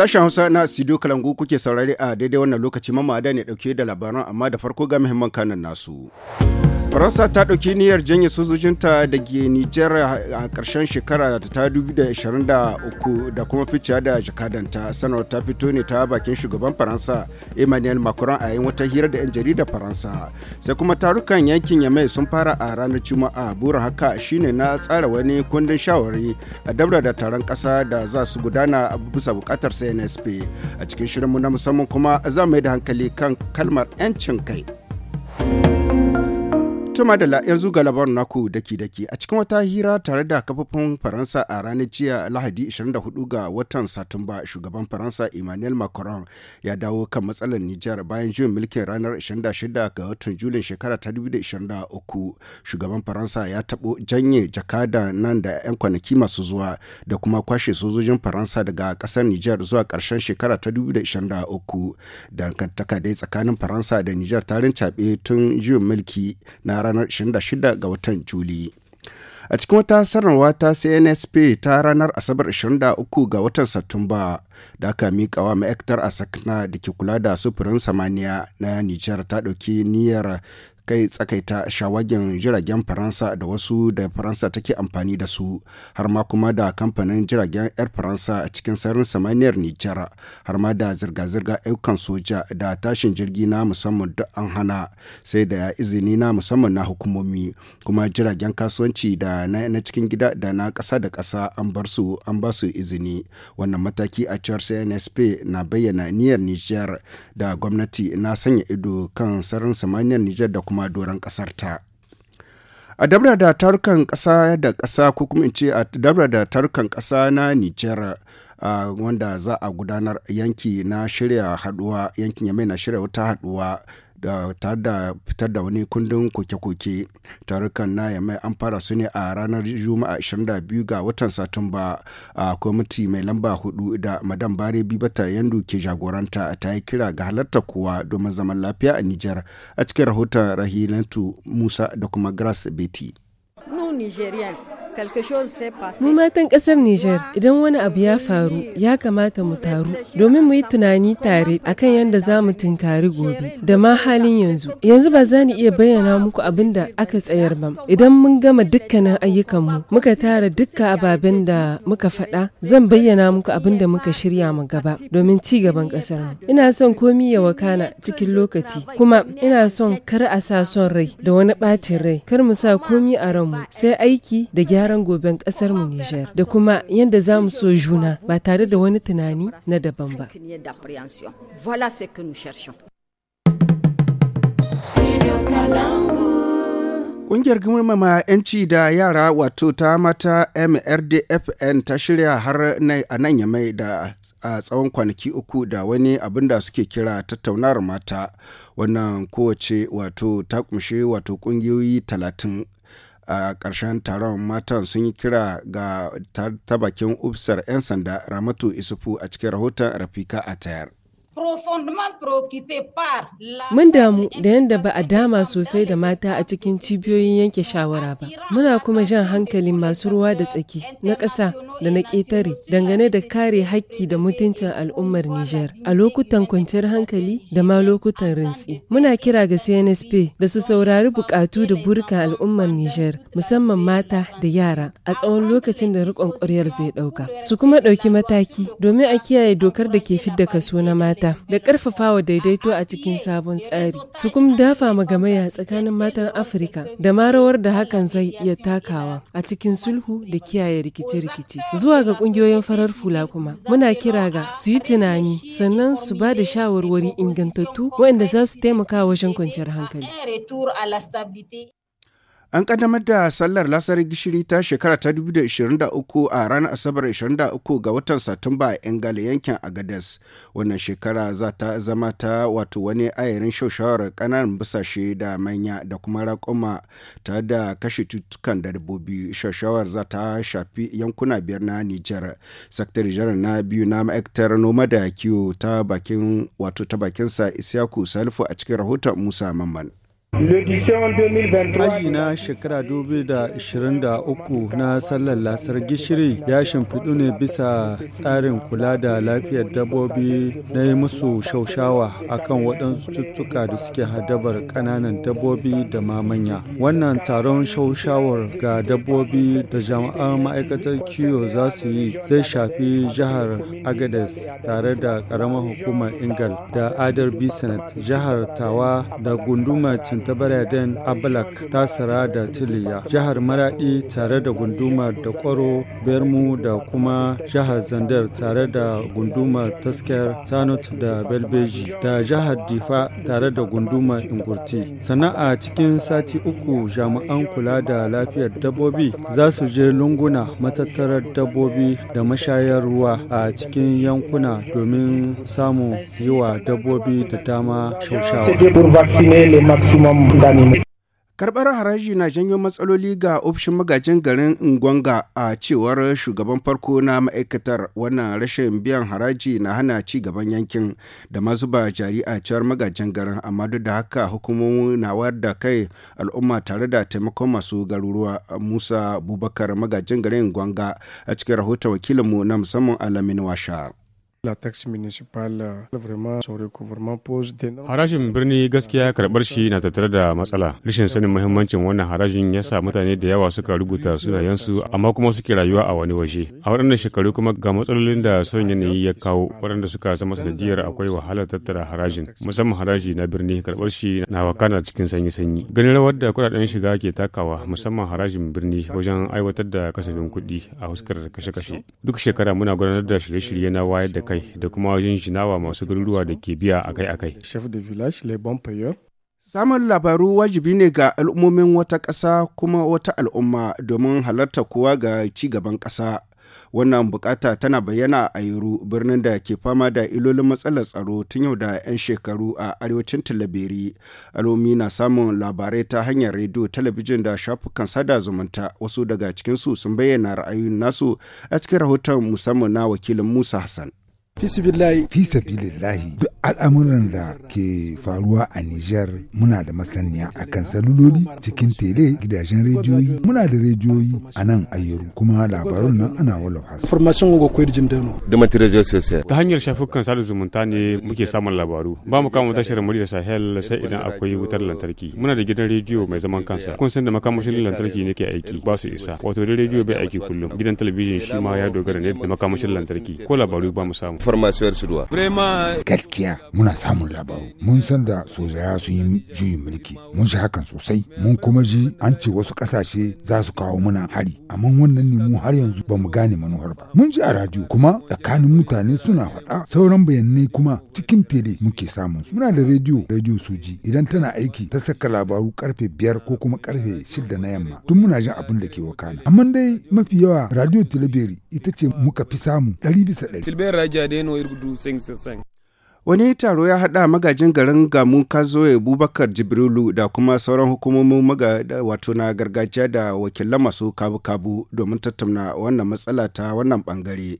Sashen Hausa na Sido Kalangu kuke saurari a daidai wannan lokaci da ne dauke da labaran amma da farko ga muhimman kanan nasu. faransa ta ɗauki niyyar janye sojojinta da ke nijar a ƙarshen shekara ta 2023 da kuma ficiya da jakadanta sanarwar ta fito ne ta bakin shugaban faransa emmanuel macron a yin wata hira da 'yan jaridar faransa sai kuma tarukan yankin yamai sun fara a ranar juma'a burin haka shine na tsara wani kundin shawari a dabra da taron kasa da za su gudana bisa buƙatar cnsp a cikin shirinmu na musamman kuma za mu da hankali kan kalmar 'yancin kai. Tuma da yanzu ga labarin naku daki-daki a cikin wata hira tare da kafofin Faransa a ranar jiya Lahadi 24 ga watan Satumba shugaban Faransa Emmanuel Macron ya dawo kan matsalar niger bayan juyin mulkin ranar 26 ga watan Julin shekara ta 2023. Shugaban Faransa ya tabo janye jakada nan da 'yan kwanaki masu zuwa da kuma kwashe sojojin Faransa daga kasar niger zuwa karshen shekara ta 2023. Dangantaka dai tsakanin Faransa da niger tarin cabe tun juyin mulki na a ranar 26 ga watan Juli. a cikin wata sanarwa ta cnsp ta ranar asabar 23 ga watan satumba da aka miƙa wa ma'aikatar asakna da ke kula da sufurin samaniya na nijar ta ɗauki niyyar kai tsakaita shawagin jiragen faransa da wasu da faransa take amfani da su har ma kuma da kamfanin jiragen yar faransa a cikin sararin samaniyar nijar har ma da zirga-zirga ayyukan soja da tashin jirgi na musamman da an hana sai da izini na musamman na hukumomi kuma jiragen kasuwanci da na cikin gida da na kasa da kasa an bar su an ba su izini wannan mataki a cewar cnsp na bayyana niyyar nijar da gwamnati na sanya ido kan sararin samaniyar nijar da kuma ma doron ƙasar ta. a dabra da tarukan ƙasa da ƙasa ko kuma in ce a dabra da tarukan ƙasa na nijar wanda za a gudanar yanki na shirya haduwa yankin yamai na shirya wata haduwa da tare da fitar da wani kundin koke-koke tarukan na yamai an fara su ne a ranar juma'a 22 ga watan satumba a kwamiti mai lamba hudu da madam bare bibata yandu ke jagoranta ta yi kira ga halarta kowa domin zaman lafiya a nijar a cikin rahoton rahilantu musa da kuma grass beti. Mu matan ƙasar Nijar idan wani abu ya faru ya kamata mu taru domin mu yi tunani tare akan yadda za mu tunkari gobe da ma halin yanzu. Yanzu ba za ni iya bayyana muku abin da aka tsayar ba. Idan mun gama dukkanin ayyukanmu muka tara dukkan ababen da muka faɗa zan bayyana muku abin da muka shirya mu gaba domin ci gaban ƙasar mu. Ina son komi ya wakana cikin lokaci kuma ina son kar a sa son rai da wani ɓacin rai kar mu sa komi a ranmu sai aiki da gyara gyaran goben kasar mu Nijar da kuma yadda za mu so juna ba tare da wani tunani na daban ba. Ƙungiyar girmama 'yanci da yara wato ta mata MRDFN ta shirya har a nan ya mai da a tsawon kwanaki uku da wani abin da suke kira tattaunar mata wannan kowace wato ta kumshi wato ƙungiyoyi talatin a ƙarshen taron matan sun yi kira ga ta bakin ubsar 'yan sanda ramatu isufu a cikin rahoton rafika a tayar Mun damu da yadda ba a dama sosai da mata a cikin cibiyoyin yanke shawara ba. Muna kuma jan hankalin masu ruwa da tsaki na ƙasa da na ƙetare dangane da kare hakki da mutuncin al'ummar Nijar a lokutan kwanciyar hankali da ma lokutan rintsi. Muna kira ga CNSP da su saurari buƙatu da burka al'ummar Nijar musamman mata da yara a tsawon lokacin da riƙon ƙwaryar zai ɗauka. Su kuma ɗauki mataki domin a kiyaye dokar da ke fidda kaso na mata. mata da ƙarfafawa daidaito a cikin sabon tsari su kuma dafa magamaya tsakanin matan afirka da ma rawar da hakan zai iya takawa a cikin sulhu da kiyaye rikice-rikice zuwa ga ƙungiyoyin farar fula kuma muna kira ga su yi tunani sannan su ba da shawarwari ingantattu waɗanda za su taimaka wajen kwanciyar hankali An kaddamar da sallar lasar gishiri ta shekara ta 2023 a ranar Asabar 23 ga watan Satumba a yankin agadas Wannan shekara za ta zama ta wato wani ayarin shaushawar kananan busashe da manya da kuma raƙuma ta da kashe tutukan da dabbobi. Shawarar za ta shafi yankuna biyar na Nijar. Sakatare jiran na biyu na ma'aikatar noma da kiwo ta bakin wato ta bakinsa Salifu a cikin rahoton Musa Mamman. Aji na shekara 2023 na sallar lasar gishiri ya shimfiɗu ne bisa tsarin kula da lafiyar dabbobi na yi musu shaushawa kan waɗansu cututtuka da suke hadabar ƙananan dabbobi da mamanya. Wannan taron shaushawar ga dabbobi da jama'an ma'aikatar kiwo za su yi zai shafi jihar Agades tare da ƙaramar hukumar Ingal da Adar Bisanet, jihar Tawa da gundumar ta Baraden Abalak Tasara da Tiliya, jihar Maradi tare da gundumar da Kwaro, Bermu da kuma jihar Zandar tare da gundumar Tasker, Tanut da Belbeji da jihar Difa tare da gundumar Ingurti. Sannan a cikin sati uku jami'an kula da lafiyar dabbobi za su je lunguna matattarar dabbobi da mashayar ruwa a cikin yankuna domin samun yi dabbobi da dama shaushawa. mu karɓar haraji na janyo matsaloli ga ofishin magajin garin ngwanga a cewar shugaban farko na ma'aikatar wannan rashin biyan haraji na hana ci gaban yankin da ma zuba jari a cewar magajin garin amma duk da haka hukumomi na wayar da kai al'umma tare da taimakon masu garuruwa musa abubakar magajin garin ngwanga a cikin rahoton wakilinmu na musamman alamin washa La taxe municipal vraiment son recouvrement pose Harajin birni gaskiya karbar shi na tattare da matsala. Rashin sanin muhimmancin wannan harajin ya sa mutane da yawa suka rubuta sunayensu amma kuma suke rayuwa a wani waje. A waɗannan shekaru kuma ga matsalolin da son yanayi ya kawo waɗanda suka zama sanadiyar akwai wahalar tattara harajin musamman haraji na birni karbar shi na wakana cikin sanyi-sanyi. Ganin rawar da kuɗaɗen shiga ke takawa musamman harajin birni wajen aiwatar da kasafin kuɗi a huskar kashe-kashe. Duk shekara muna gudanar da shirye-shirye na wayar da akai da kuma wajen jinjinawa masu garuruwa da ke biya akai-akai. Samun labaru wajibi ne ga al'ummomin wata ƙasa kuma wata al'umma domin halarta kowa ga ci gaban ƙasa. Wannan bukata tana bayyana a Yoro birnin da ke fama da ilolin matsalar tsaro tun yau da 'yan shekaru a arewacin Talabiri. Al'ummi na samun labarai ta hanyar rediyo, talabijin da shafukan sada zumunta wasu daga cikinsu sun bayyana ra'ayoyin nasu a cikin rahoton musamman na wakilin Musa Hassan. fi sabilillahi fi sabilillahi duk al'amuran da ke faruwa a Nijar muna da masaniya a kan saluloli cikin tele gidajen rediyoyi muna da rediyoyi a nan ayyaru kuma labarun nan ana walau hasu. ga koyar jim dano. Ta hanyar shafukan sada zumunta ne muke samun labaru. Ba mu kama tashar muri da Sahel sai idan akwai wutar lantarki. Muna da gidan rediyo mai zaman kansa. Kun san da makamashin lantarki ne ke aiki ba su isa. Wato da rediyo bai aiki kullum. Gidan talabijin shi ma ya dogara ne da makamashin lantarki. Ko labaru ba mu samu. Gaskiya duniya muna samun labaru mun san da sojaya sun yi juyin mulki mun shi hakan sosai mun kuma ji an ce wasu kasashe za su kawo muna hari amma wannan ne mu har yanzu ba mu gane manuhar ba mun ji a radio kuma tsakanin mutane suna faɗa sauran bayanai kuma cikin fere muke samun su muna da rediyo rediyo soji. idan tana aiki ta saka labaru karfe biyar ko kuma karfe shida na yamma tun muna jin abin da ke wakana amma dai mafi yawa radio tilberi ita ce muka fi samu ɗari bisa ɗari. tilberi raja da yanayi rudu sing sing Wani taro ya haɗa magajin garin Gamu Kazoe Bubakar Jibrilu da kuma sauran hukumomin maga wato na gargajiya da wakilan masu kabu-kabu domin tattauna wannan matsala ta wannan bangare.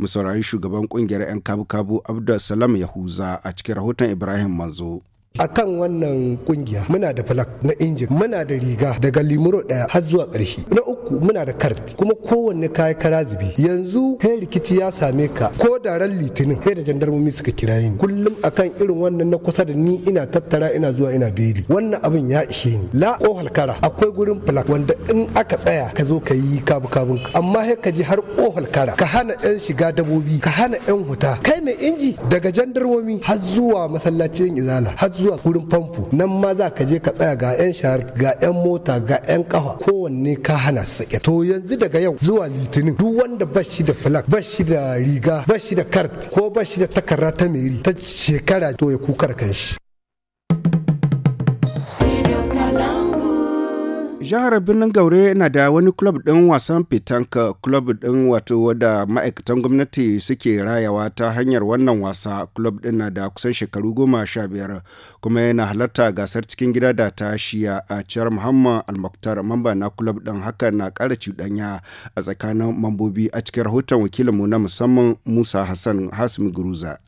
Mu shugaban kungiyar 'yan kabu-kabu Abdul Salam Yahuza a cikin rahoton Ibrahim Manzo. A kan wannan kungiya muna da flak na injin muna da riga daga limuro daya har zuwa karshe. na uku muna da kart kuma kowanne kaya kara zubi yanzu kai rikici ya same ka ko da ran litinin hen da jandarmomi suka kira ni kullum akan irin wannan na kusa da ni ina tattara ina zuwa ina beli wannan abin ya ishe ni la kohal kara akwai gurin flak wanda in aka tsaya ka zo ka yi kabu kabun amma sai ka ji har kohal kara ka hana yan shiga dabobi ka hana yan huta kai mai inji daga jandarmomi har zuwa masallacin izala har zuwa zuwa gurin famfo nan ma za ka je ka tsaya ga 'yan shahar ga 'yan mota ga 'yan kafa kowanne ka hana sake to yanzu daga yau zuwa litinin duk wanda ba shi da flak ba shi da riga ba shi da kart ko ba shi da takarda ta meri ta shekara to ya kukar kanshi jihar birnin gaure na da wani club din wasan fitanka club din wato wadda ma'aikatan gwamnati suke rayawa ta hanyar wannan wasa club din na da kusan shekaru goma sha biyar kuma yana halarta gasar cikin gida da ta shiya a ciyar muhammad almaktar mamba na club ɗin haka na kara cuɗanya a tsakanin mambobi a cikin rahoton wakilinmu na musamman musa hassan hasmi guruza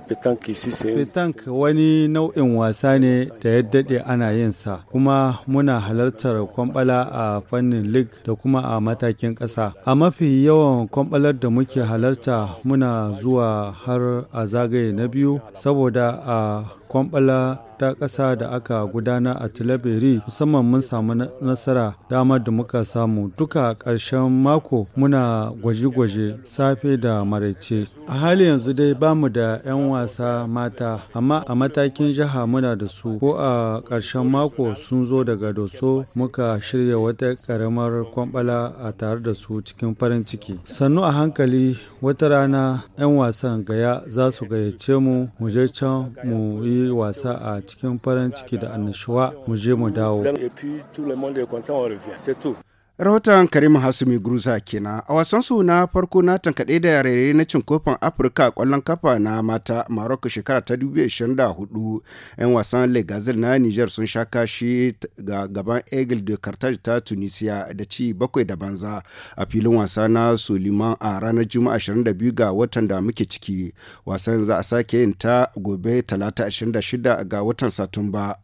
Petank wani nau'in wasa ne da ya dade ana yin sa, kuma muna halartar kwambala a fannin lig da kuma a matakin ƙasa. A mafi yawan kwambalar da muke halarta muna zuwa har a zagaye na biyu, saboda a kwambala ta ƙasa da aka gudana a tilabiri musamman mun samu nasara damar da muka samu duka ƙarshen mako muna gwaje-gwaje safe da maraice. A hali yanzu dai ba mu da 'yan wasa mata amma a matakin jiha muna da su ko a ƙarshen mako sun zo daga doso muka shirya wata ƙaramar kwambala a tare da su cikin farin ciki. Sannu a hankali wata rana 'yan wasan gaya za su gayyace mu mu can mu yi wasa a cikin farin ciki da annashuwa mu je mu dawo. Rahoton Karim Hasumi Gruza kenan a wasansu na farko na tankaɗe da yarere na cin kofin Afirka kwallon kafa na mata Maroko shekara ta 2024 'yan wasan Legazil na Niger sun sha kashi ga gaban Eagle de Carthage ta Tunisia da ci bakwai da banza a filin wasa na Suliman a ranar Juma'a 22 ga watan da muke ciki. Wasan za a sake yin ta gobe talata 26 ga watan Satumba.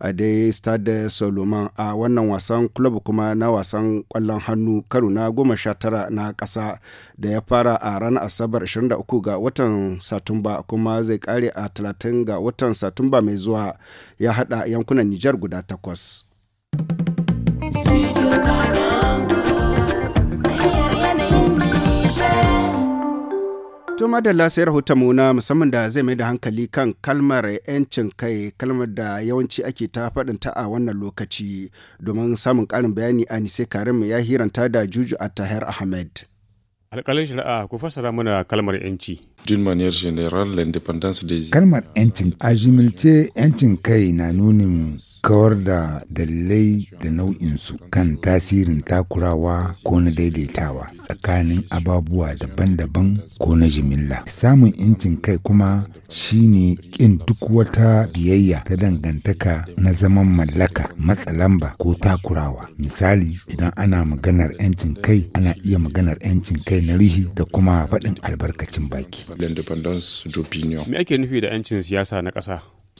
a dai stade solomon a wannan wasan club kuma na wasan kwallon hannu karo na goma sha tara na ƙasa da ya fara a ranar asabar 23 ga watan satumba kuma zai kare a 30 ga watan satumba mai zuwa ya hada yankunan nijar guda takwas. To madalla sai rahoton muna na musamman da zai mai da hankali kan kalmar 'yancin kai kalmar da yawanci ake ta faɗin a wannan lokaci domin samun ƙarin bayani a Nise Karim ya hiranta da Juju a Tahir Ahmed. alƙalin shari'a ku fassara mana kalmar yanci. D'une manière générale, l'indépendance des Kalmar yancin a jimilce yancin kai na nunin kawar da dalilai da nau'insu kan tasirin takurawa ko na daidaitawa tsakanin ababuwa daban-daban ko na jimilla. Samun yancin kai kuma shine ƙin duk wata biyayya ta dangantaka na zaman mallaka, matsa lamba ko takurawa. Misali, idan ana maganar yancin kai, ana iya maganar yancin kai Narihi da kuma faɗin albarkacin baki. Me ake nufi da 'yancin siyasa na ƙasa? A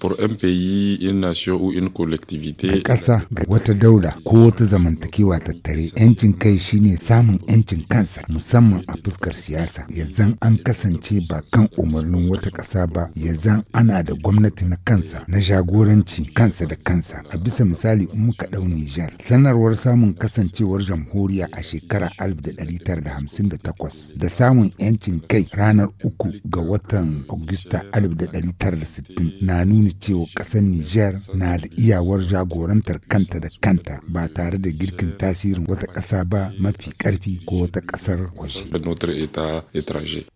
ƙasa ga wata daula ko wata zamantakewa tattare yancin kai shine samun yancin kansa musamman a fuskar siyasa ya zan an kasance ba kan umarnin wata ƙasa ba ya zan ana da gwamnati na kansa na jagoranci kansa da kansa a bisa misali in muka ɗau Nijar sanarwar samun kasancewar jamhuriya a shekara 1958 da samun yancin kai ranar uku ga watan Agusta 1960 na nuna nuni cewa ƙasar Nijar na da iyawar jagorantar kanta da kanta ba tare da girkin tasirin wata ƙasa ba mafi ƙarfi ko wata ƙasar waje.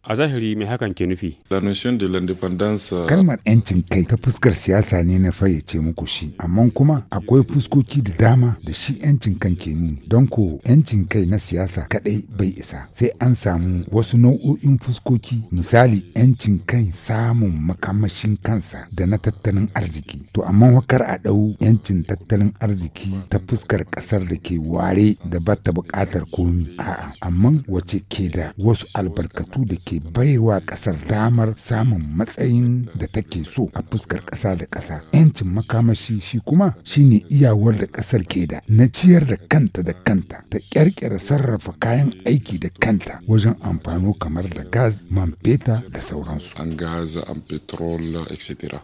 A zahiri mai hakan ke nufi? Euh, Kalmar 'yancin kai ta fuskar siyasa ne na fayyace muku shi, amma kuma akwai fuskoki da dama da shi 'yancin kan ke nuni. Don ko 'yancin kai na siyasa kaɗai bai isa, sai an samu wasu nau'o'in fuskoki misali 'yancin kai samun makamashin kansa da na tattalin tattalin arziki to amma wakar a ɗau yancin tattalin arziki ta fuskar ƙasar da ke ware da ba ta buƙatar komi a'a amma wace ke da wasu albarkatu da ke baiwa ƙasar damar samun matsayin da take so a fuskar ƙasa da ƙasa yancin makamashi shi kuma shine iyawar da ƙasar ke da na ciyar da kanta da kanta ta ƙyarƙyar sarrafa kayan aiki da kanta wajen amfano kamar da gas man feta da sauransu an gaza an petrol etc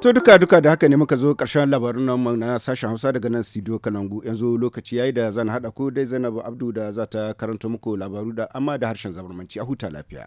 To duka duka da haka ne muka zo karshen labarin nan na sashen Hausa daga nan studio Kalangu yanzu lokaci yayi da zan hada ku dai Zainabu Abdu da za ta karanta muku labaru da amma da harshen zamanci a huta lafiya.